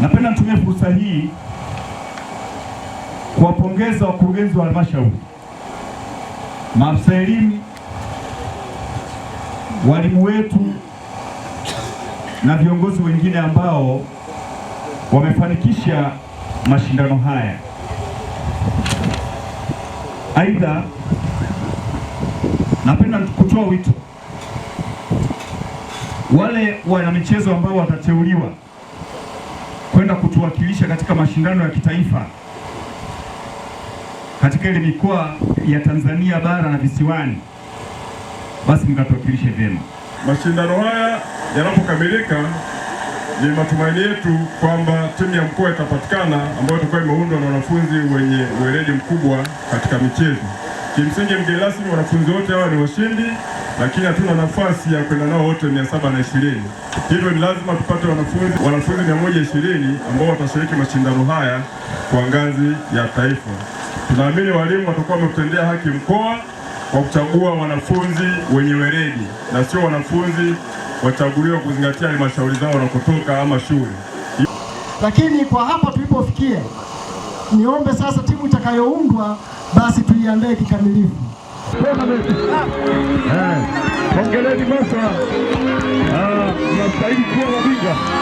Napenda nitumie fursa hii kuwapongeza wakurugenzi wa halmashauri, maafisa elimu, walimu wetu na viongozi wengine ambao wamefanikisha mashindano haya. Aidha, napenda kutoa wito wale wanamichezo ambao watateuliwa kwenda kutuwakilisha katika mashindano ya kitaifa katika ile mikoa ya Tanzania bara na visiwani, basi mkatuwakilishe vyema. Mashindano haya yanapokamilika, ni matumaini yetu kwamba timu ya mkoa itapatikana ambayo itakuwa imeundwa na wanafunzi wenye ueledi mkubwa katika michezo. Kimsingi, mgeni rasmi, wanafunzi wote hawa ni washindi lakini hatuna nafasi ya kwenda nao wote mia saba na ishirini. Hivyo ni lazima tupate wanafunzi wanafunzi mia moja ishirini ambao watashiriki mashindano haya kwa ngazi ya taifa. Tunaamini walimu watakuwa wametendea haki mkoa kwa kuchagua wanafunzi wenye weledi na sio wanafunzi wachaguliwa kuzingatia halmashauri zao wanakotoka ama shule. Lakini kwa hapa tulipofikia, niombe sasa timu itakayoundwa basi tuiandae kikamilifu. Mofa, ah, mnastahili kuwa mabingwa.